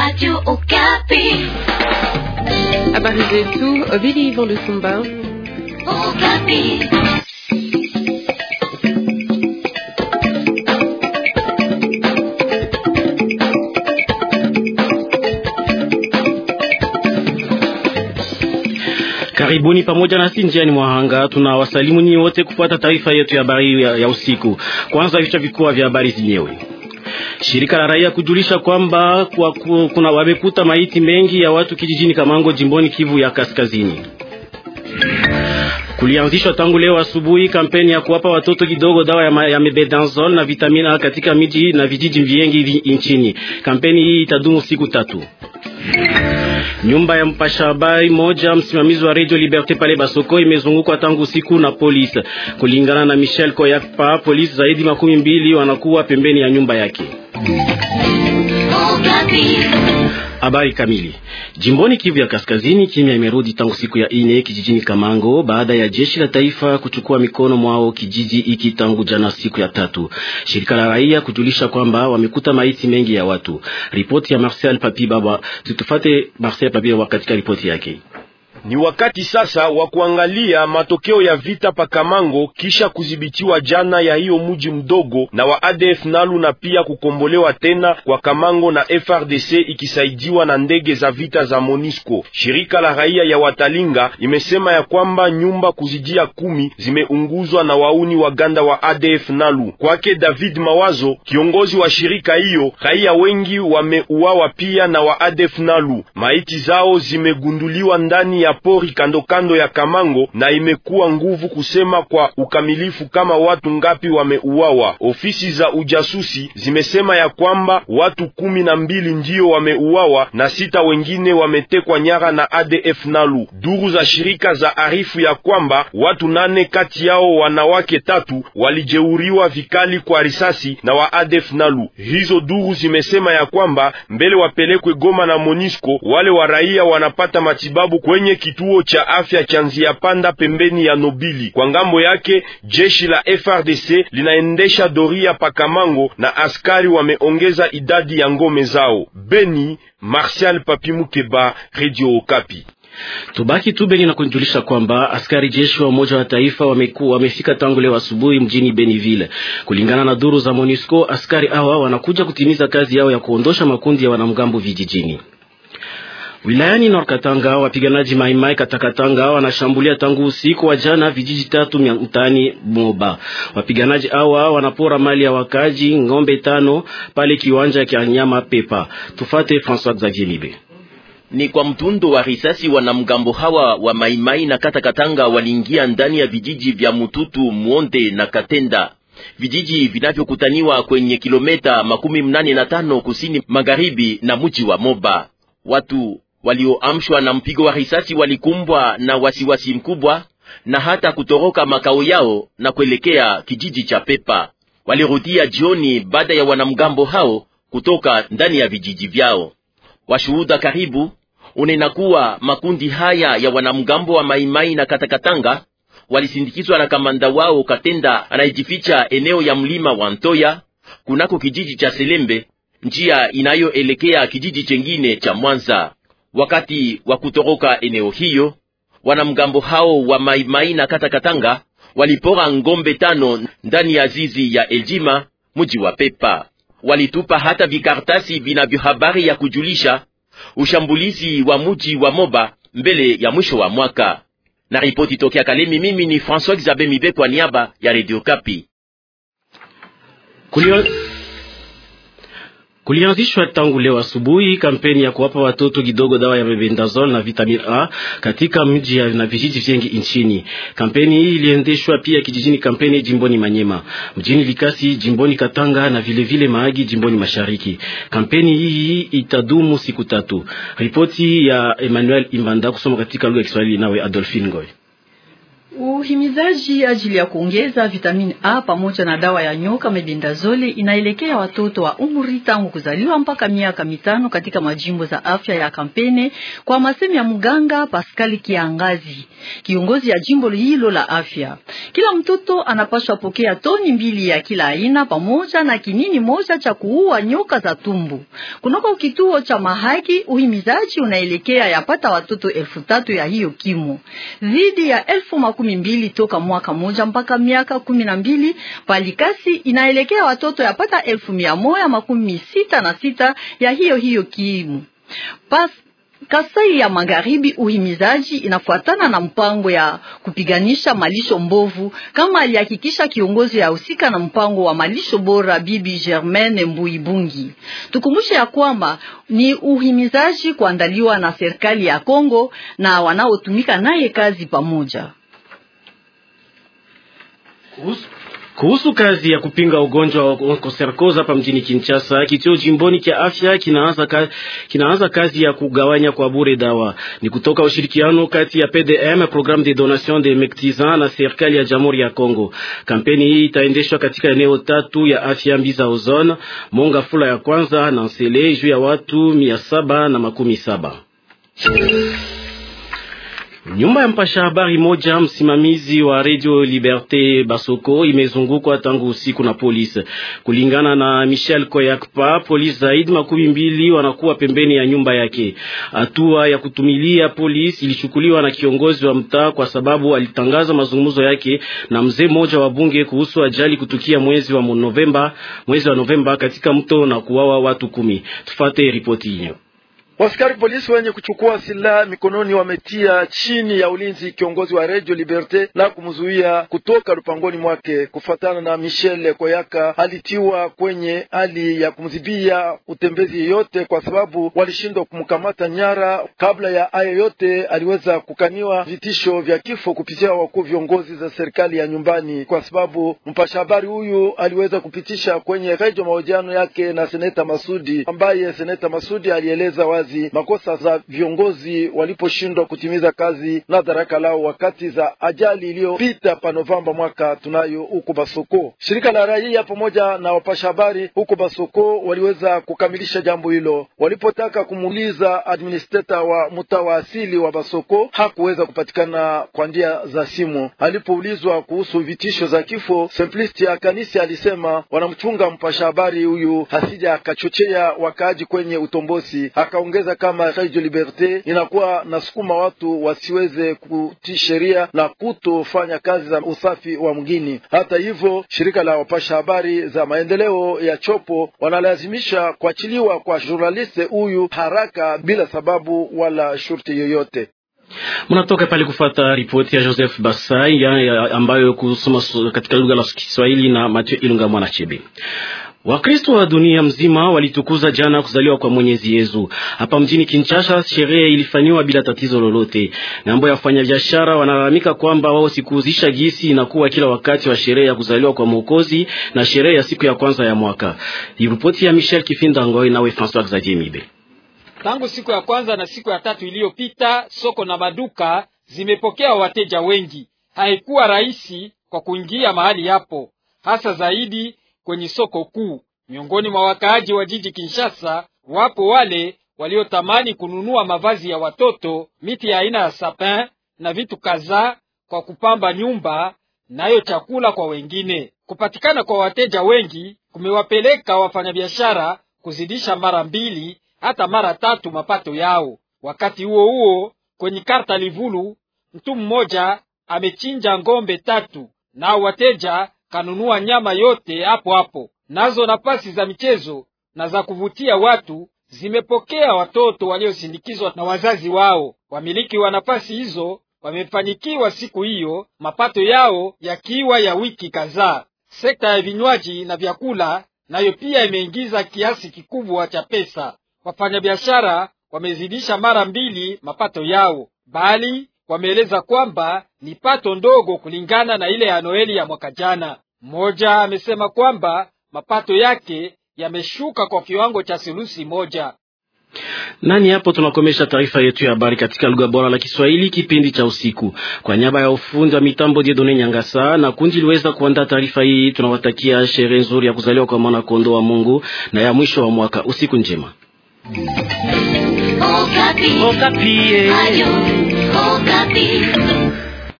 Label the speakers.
Speaker 1: Radio Okapi.
Speaker 2: Habari zetu, Ovidi Ivan de Sumba.
Speaker 1: Okapi.
Speaker 3: Karibuni pamoja nasi njiani mwahanga, tunawasalimu nyinyi wote kufuata taarifa yetu ya habari ya, ya usiku. Kwanza vichwa vikubwa vya habari zenyewe. Shirika la raia kujulisha kwamba kwa kuna wamekuta maiti mengi ya watu kijijini Kamango jimboni Kivu ya Kaskazini. Kulianzishwa tangu leo asubuhi kampeni ya kuwapa watoto kidogo dawa ya, ya mebendazole na vitamina katika miji na vijiji vingi nchini. Kampeni hii itadumu siku tatu. Nyumba ya mpasha habari moja msimamizi wa Radio Liberté pale Basoko imezungukwa tangu usiku na polisi. Kulingana na Michel Koyakpa, polisi zaidi makumi mbili wanakuwa pembeni ya nyumba yake. Habari kamili. Jimboni Kivu ya Kaskazini, kimya imerudi tangu siku ya ine kijijini Kamango baada ya jeshi la taifa kuchukua mikono mwao kijiji iki tangu jana siku ya tatu. Shirika la raia kujulisha kwamba wamekuta maiti mengi ya watu. Ripoti ya Marcel Papi Baba, tutufate Marcel Papi Baba katika ripoti yake.
Speaker 4: Ni wakati sasa wa kuangalia matokeo ya vita pa Kamango kisha kudhibitiwa jana ya hiyo muji mdogo na wa ADF Nalu na pia kukombolewa tena kwa Kamango na FRDC ikisaidiwa na ndege za vita za Monisco. Shirika la raia ya Watalinga imesema ya kwamba nyumba kuzijia kumi zimeunguzwa na wauni waganda wa ADF Nalu. Kwake David Mawazo, kiongozi wa shirika hiyo, raia wengi wameuawa pia na wa ADF Nalu. Maiti zao zimegunduliwa ndani ya ya pori kando kando ya Kamango, na imekuwa nguvu kusema kwa ukamilifu kama watu ngapi wameuawa. Ofisi za ujasusi zimesema ya kwamba watu kumi na mbili ndiyo wameuawa na sita wengine wametekwa nyara na ADF Nalu. Duru za shirika za arifu ya kwamba watu nane kati yao wanawake tatu walijeuriwa vikali kwa risasi na wa ADF Nalu. Hizo duru zimesema ya kwamba mbele wapelekwe Goma na Monisco, wale wa raia wanapata matibabu kwenye kituo cha afya cha Nzia Panda pembeni ya Nobili. Kwa ngambo yake jeshi la FRDC linaendesha doria pakamango na askari wameongeza idadi ya ngome zao. Beni, Martial Papi Mukeba, Radio Okapi.
Speaker 3: Tubaki tu Beni na kujulisha kwamba askari jeshi wa Umoja wa Taifa wamekuwa wamefika tangu leo asubuhi mjini Beniville. Kulingana na duru za MONUSCO, askari hawa wanakuja kutimiza kazi yao ya kuondosha makundi ya wanamgambo vijijini. Wilayani nord wapiganaji Maimai Katakatanga wanashambulia tangu usiku wa jana vijiji tatu mtaani Moba. Wapiganaji awa wanapora mali ya wakaji ng'ombe tano pale kiwanja kya nyama Pepa. Tufate François Xavier Libe.
Speaker 5: Ni kwa mtundo wa risasi wanamgambo hawa wa Maimai na Katakatanga waliingia ndani ya vijiji vya Mututu, Muonde na Katenda, vijiji vinavyokutaniwa kwenye kilometa makumi mnane na tano kusini magharibi na mji wa Moba. Watu walioamshwa na mpigo wa risasi walikumbwa na wasiwasi mkubwa na hata kutoroka makao yao na kuelekea kijiji cha Pepa. Walirudia jioni baada ya wanamgambo hao kutoka ndani ya vijiji vyao. Washuhuda karibu unena kuwa makundi haya ya wanamgambo wa Maimai na Katakatanga walisindikizwa na kamanda wao Katenda anayejificha eneo ya mlima wa Ntoya kunako kijiji cha Selembe, njia inayoelekea kijiji chengine cha Mwanza. Wakati wa kutoroka eneo hiyo, wanamgambo hao wa Maimai na Katakatanga walipora ngombe tano ndani ya zizi ya Ejima, mji wa Pepa. Walitupa hata vikartasi vinavyo habari ya kujulisha ushambulizi wa mji wa Moba mbele ya mwisho wa mwaka. Na ripoti tokea Kalemi, mimi ni François Xabe Mibe kwa niaba ya Radio Kapi.
Speaker 3: Kulio... Kulianzishwa tangu leo asubuhi kampeni ya kuwapa watoto kidogo dawa ya mebendazol na vitamin A katika mji na vijiji vingi nchini. Kampeni hii iliendeshwa pia kijijini kampeni jimboni Manyema, mjini Likasi jimboni Katanga na vilevile vile Maagi jimboni Mashariki. Kampeni hii itadumu siku tatu. Ripoti ya Emmanuel Imbanda kusoma katika lugha ya Kiswahili nawe Adolfine Ngoy.
Speaker 2: Uhimizaji ajili ya kuongeza vitamini A pamoja na dawa ya nyoka mebendazole inaelekea watoto wa umri tangu kuzaliwa mpaka miaka mitano katika majimbo za afya ya Kampene, kwa masemi ya mganga Pascal Kiangazi, kiongozi ya jimbo hilo la afya. Kila mtoto anapaswa pokea toni mbili ya kila aina pamoja na kinini moja cha kuua nyoka za tumbu. Kunako kituo cha Mahagi, uhimizaji unaelekea yapata watoto elfu tatu ya hiyo kimo zidi ya elfu makumi mbili toka mwaka moja mpaka miaka kumi na mbili palikasi inaelekea watoto yapata elfu mia moja makumi sita na sita ya hiyo hiyo kiimu Pas Kasai ya Magharibi, uhimizaji inafuatana na mpango ya kupiganisha malisho mbovu, kama alihakikisha kiongozi ya husika na mpango wa malisho bora, Bibi Germaine Mbuibungi. Tukumbushe ya kwamba ni uhimizaji kuandaliwa na serikali ya Kongo na wanaotumika naye kazi pamoja
Speaker 3: kuhusu kazi ya kupinga ugonjwa wa onkoserkoz hapa mjini Kinshasa, kituo jimboni cha afya kinaanza ka, kinaanza kazi ya kugawanya kwa bure dawa. Ni kutoka ushirikiano kati ya PDM Programme de Donation de Mectisans na serikali ya Jamhuri ya Kongo. Kampeni hii itaendeshwa katika eneo tatu ya afya Mbiza Ozone, Monga Fula ya kwanza na Nsele juu ya watu mia saba na makumi saba Nyumba ya mpasha habari moja msimamizi wa Radio Liberté Basoko imezungukwa tangu usiku na polisi. Kulingana na Michel Koyakpa, polisi zaidi makumi mbili wanakuwa pembeni ya nyumba yake. Hatua ya kutumilia polisi ilichukuliwa na kiongozi wa mtaa kwa sababu alitangaza mazungumzo yake na mzee mmoja wa bunge kuhusu ajali kutukia mwezi wa Novemba, mwezi wa Novemba katika mto na kuwawa watu kumi. Tufate ripoti hiyo.
Speaker 1: Waskari polisi wenye kuchukua silaha mikononi wametia chini ya ulinzi kiongozi wa Radio liberte na kumzuia kutoka lupangoni mwake. Kufuatana na Michel Koyaka, alitiwa kwenye hali ya kumzibia utembezi yeyote, kwa sababu walishindwa kumkamata nyara. Kabla ya hayo yote, aliweza kukaniwa vitisho vya kifo kupitia wakuu viongozi za serikali ya nyumbani, kwa sababu mpasha habari huyu aliweza kupitisha kwenye redio mahojiano yake na seneta Masudi, ambaye seneta Masudi alieleza wazi kazi, makosa za viongozi waliposhindwa kutimiza kazi na dharaka lao wakati za ajali iliyopita pa Novemba mwaka tunayo huko Basoko. Shirika la raia pamoja na wapasha habari huko Basoko waliweza kukamilisha jambo hilo. Walipotaka kumuuliza administrator wa mtaa wa asili wa Basoko, hakuweza kupatikana kwa njia za simu. Alipoulizwa kuhusu vitisho za kifo, Simplisti Akanisi alisema wanamchunga mpasha habari huyu hasija akachochea wakaaji kwenye utombosi Haka kuongeza kama Radio Liberte inakuwa nasukuma watu wasiweze kutii sheria na kutofanya kazi za usafi wa mgini. Hata hivyo, shirika la wapasha habari za maendeleo ya Chopo wanalazimisha kuachiliwa kwa jurnaliste huyu haraka bila sababu wala shurti yoyote.
Speaker 3: Mnatoka pale kufata ripoti ya Joseph Basai ya, ya, ambayo kusoma katika lugha la Kiswahili na Mathieu Ilunga Mwanachebe. Wakristo wa dunia mzima walitukuza jana kuzaliwa kwa Mwenyezi Yesu. Hapa mjini Kinshasa sherehe ilifanywa bila tatizo lolote. nambo ya wafanyabiashara wanalalamika kwamba wao sikuuzisha gisi inakuwa kila wakati wa sherehe ya kuzaliwa kwa Mwokozi na sherehe ya siku ya kwanza ya mwaka. Ripoti ya Michel Kifinda Ngoi nawe François Xavier Mibe.
Speaker 6: Tangu siku ya kwanza na siku ya tatu iliyopita, soko na maduka zimepokea wateja wengi. Haikuwa rahisi kwa kuingia mahali hapo, hasa zaidi kwenye soko kuu. Miongoni mwa wakaaji wa jiji Kinshasa, wapo wale waliotamani kununua mavazi ya watoto, miti ya aina ya sapin na vitu kadhaa kwa kupamba nyumba, nayo chakula kwa wengine. Kupatikana kwa wateja wengi kumewapeleka wafanyabiashara kuzidisha mara mbili hata mara tatu mapato yao. Wakati huo huo, kwenye karta Livulu, mtu mmoja amechinja ngombe tatu, nao wateja kanunua nyama yote hapo hapo. Nazo nafasi za michezo na za kuvutia watu zimepokea watoto waliosindikizwa na wazazi wao. Wamiliki wa nafasi hizo wamefanikiwa siku hiyo, mapato yao yakiwa ya wiki kadhaa. Sekta ya vinywaji na vyakula nayo pia imeingiza kiasi kikubwa cha pesa. Wafanyabiashara wamezidisha mara mbili mapato yao, bali wameeleza kwamba ni pato ndogo kulingana na ile ya Noeli ya mwaka jana. Mmoja amesema kwamba mapato yake yameshuka kwa kiwango cha selusi moja
Speaker 3: nani hapo tunakomesha taarifa yetu ya habari katika lugha bora la Kiswahili kipindi cha usiku. Kwa niaba ya ufundi wa mitambo Jedone Nyangasa na kundi liweza kuandaa taarifa hii, tunawatakia sherehe nzuri ya kuzaliwa kwa mwana kondoo wa Mungu na ya mwisho wa mwaka. Usiku njema.
Speaker 6: Okapi. Okapi. Eh. Mocatis.